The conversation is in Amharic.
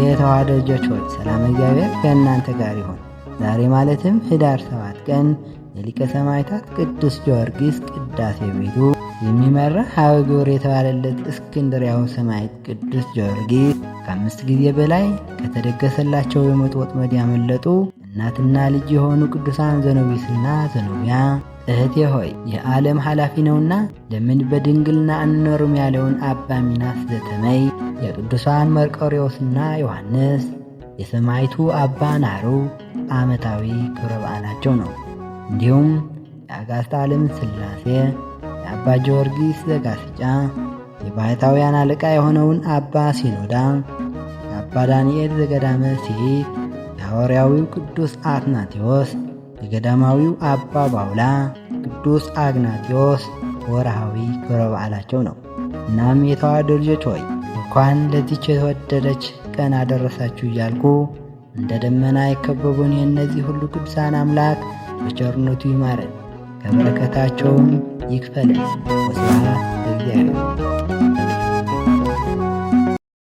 የተዋሕዶ ልጆች ሆይ ሰላም እግዚአብሔር ከእናንተ ጋር ይሁን። ዛሬ ማለትም ህዳር ሰባት ቀን የሊቀ ሰማዕታት ቅዱስ ጊዮርጊስ ቅዳሴ ቤቱ የሚመራ ሀወጊወር የተባለለት እስክንድርያው ሰማዕት ቅዱስ ጊዮርጊስ ከአምስት ጊዜ በላይ ከተደገሰላቸው የሞት ወጥመድ ያመለጡ እናትና ልጅ የሆኑ ቅዱሳን ዘኖቢስና ዘኖቢያ እህቴ ሆይ የዓለም ኃላፊ ነውና ለምን በድንግልና አንኖርም ያለውን አባ ሚናስ ዘተመይ፣ የቅዱሳን መርቆሪዎስና ዮሐንስ፣ የሰማይቱ አባ ናሩ ዓመታዊ ክብረ በዓላቸው ነው። እንዲሁም የአጋስታ ዓለም ስላሴ፣ የአባ ጊዮርጊስ ዘጋስጫ፣ የባሕታውያን አለቃ የሆነውን አባ ሲኖዳ፣ የአባ ዳንኤል ዘገዳመ ሲት የሐዋርያዊው ቅዱስ አትናቴዎስ፣ የገዳማዊው አባ ባውላ፣ ቅዱስ አግናቴዎስ ወርሃዊ ክብረ በዓላቸው ነው። እናም የተዋሕዶ ልጆች ሆይ እንኳን ለዚች የተወደደች ቀን አደረሳችሁ እያልኩ እንደ ደመና የከበቡን የእነዚህ ሁሉ ቅዱሳን አምላክ በቸርነቱ ይማረን፣ ከበረከታቸውም ይክፈለን። ወስብሐት ለእግዚአብሔር።